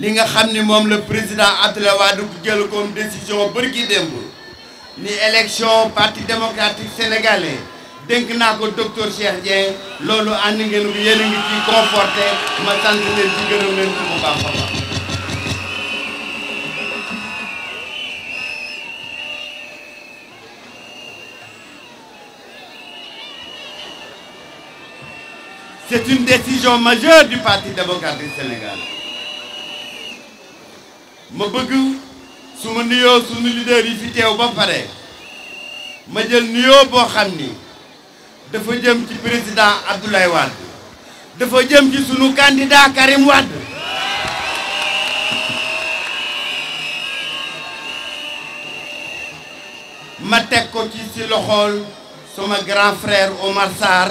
li nga xam ni moom la président Abdoulaye Wade jël comme décision bërki démb ni élection parti démocratique sénégalais dénk naa ko docteur Cheikh Dieng loolu ànd ngeen yéen ngi ciy conforté ma sant leen ci gërëm leen ci bu C'est une décision majeure du Parti démocratique sénégalais ma bëgg sous mon nuyoo sous leader yi fi teew ba pare ma jël nuyoo boo xam dafa jëm ci président Abdoulaye Wade dafa jëm ci sunu candidat Karim Wade ma suis ko ci si loxool grand frère Omar Sarr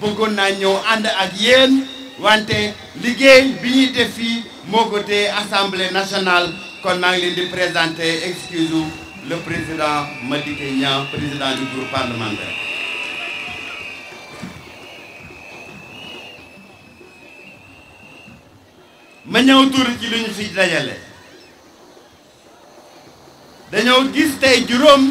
bëggoon naa ñëw ànd ak yéen wante liggéey bi ñuy def fii moo ko tee assemblée nationale kon maa ngi leen di présenter excuse le président Madické Niang président du groupe parlementaire. ma ñëw tur ci li ñu fi dajale dañoo gis tey juróom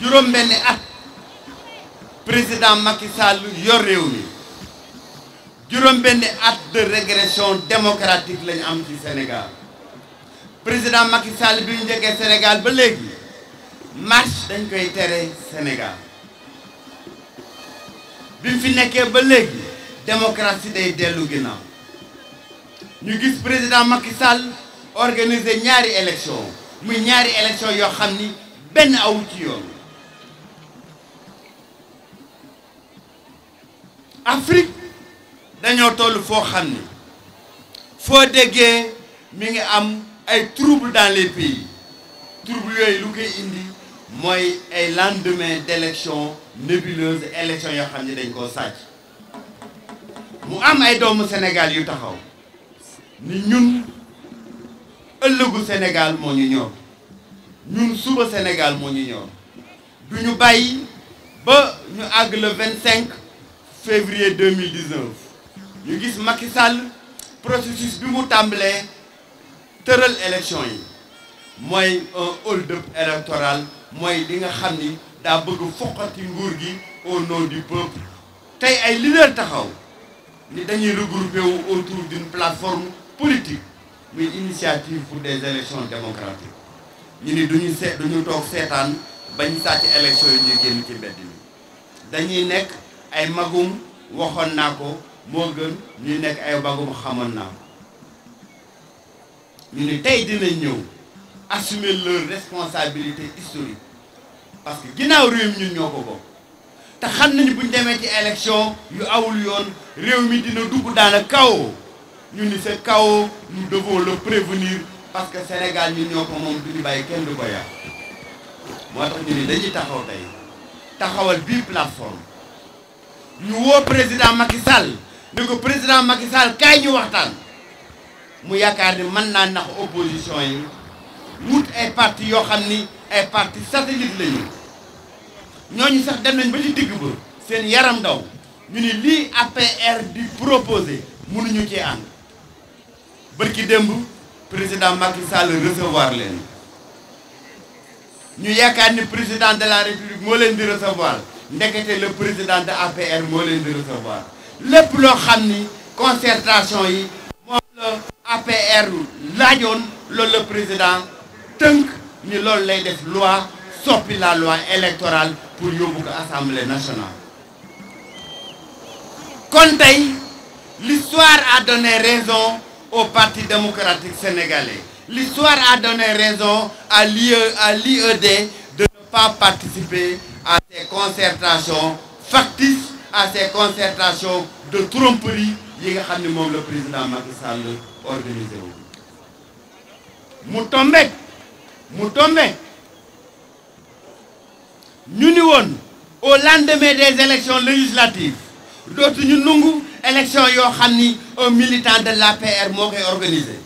juróom benni at. président Macky Sall yor réew mi juróom-benni at de régression démocratique lañu am ci Sénégal président Macky Sall bi ñu njëkkee Sénégal ba léegi marche dañ koy tere Sénégal bi mu fi nekkee ba léegi démocratie day dellu ginnaaw ñu gis président Macky Sall organiser ñaari élection muy ñaari élection yoo xam ni benn awu ci Afrique nous toll foo faut troubles dans les pays troubles sont indi moy ay lendemain d'élection nébuleuse élection l'élection xam en dañ de sàcc mu am ay doomu Sénégal Nous taxaw ni Sénégal Nous, nous ñor Sénégal Nous ñu le février 2019 ñu gis Macky Sall processus bi mu tàmbalee tëral élection yi mooy un hold-up électoral moi, li nga xam ni daa bëgg foqati nguur gi au nom du peuple tey ay leader taxaw ni dañuy regrouper autour d'une plateforme politique une initiative pour des élections démocratiques Nous ni duñu seet duñu toog seetaan bañ sàcc élection yi ñuy génn ci mbedd dañuy ay magum waxon naa ko moo gën ñuy nekk ay magum xamoon naa ko ñu ne tey dinañ ñëw assumer leur responsabilité historique parce que ginnaaw réew mi ñun ñoo ko bokk te xam nañu buñ demee ci élection yu awul yoon réew mi dina dugg daana kawo ñu ni ce kawo nous devons le prévenir parce que Sénégal ñun ñoo ko moom du ñu bàyyi kenn du ko yàq moo tax ñu ni dañuy taxaw tey taxawal bii plateforme ñu woo président Macky Sall ni ko président Macky Sall kaay ñu waxtaan mu yaakaar ni mën naa nax opposition yi wut ay parti yoo xam ni ay parti satellite lañu ñooñu sax dem nañ ba ci digg ba seen yaram daw ñu ni lii APR di proposé mënuñu cee ànd bërki démb président Macky Sall recevoir leen ñu yaakaar ni président de la république moo leen di recevoir le président de APR moo de Le recevoir Le Le plan de concertation yi est le APR le président tënk ni loolu lay loi sauf la loi électorale pour l'Assemblée nationale l'histoire a donné raison au parti démocratique sénégalais l'histoire a donné raison à l'IED pas participer à ces concertations factices, à ces concertations de tromperie yi nga le président Macky Sall organisé wu mu tombe nous tombe au lendemain des élections législatives nous ñu nungu élection yo xamni un militant de l'APR moo koy organisé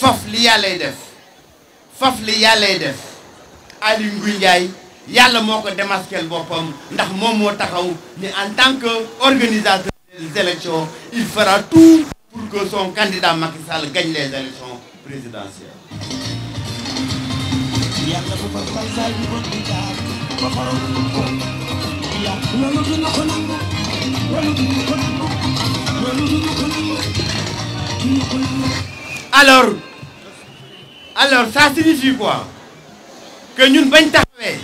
fof li yàllay def fof li def Aliou le Ndiaye il moo a démasqué de ndax mom mo taxaw ni en tant que organisateur des élections il fera tout pour que son candidat Macky Sall gagne les élections présidentielles. Alors, alors ça signifie quoi? que nous ñun pas faire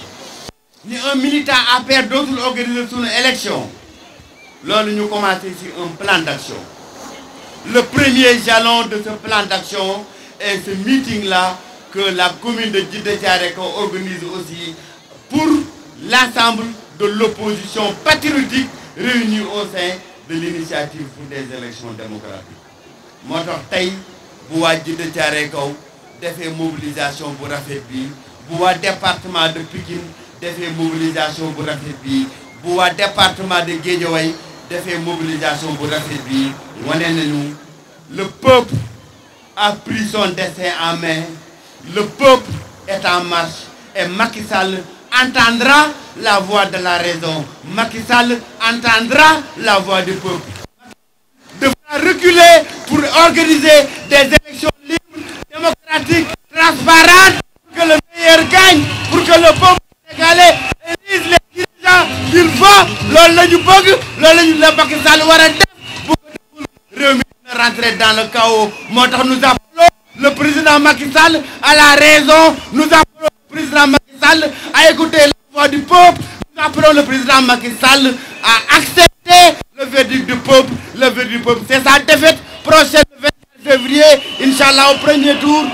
ni un militant à perdu d'autres organisations l'élection lorsque nous commençons sur un plan d'action le premier jalon de ce plan d'action est ce meeting là que la commune de Djiddah organise aussi pour l'ensemble de l'opposition patriotique réunie au sein de l'initiative pour des élections démocratiques Mon tax bu mobilisation pour la bu département de fait defee mobilisation bu rafet bi bu le département de fait defee mobilisation bu rafet bi wane le peuple a pris son destin en main le peuple est en marche et Macky Sall entendra la voix de la raison Macky Sall entendra la voix du peuple devra reculer pour organiser des élections libres démocratiques transparentes rentrer dans le chaos nous appelons le président Macky Sall à la raison nous appelons le président Macky Sall à écouter la voix du peuple nous appelons le président Macky Sall à accepter le verdict du peuple le verdict du peuple c'est sa défaite prochaine le 24 février inchallah au premier tour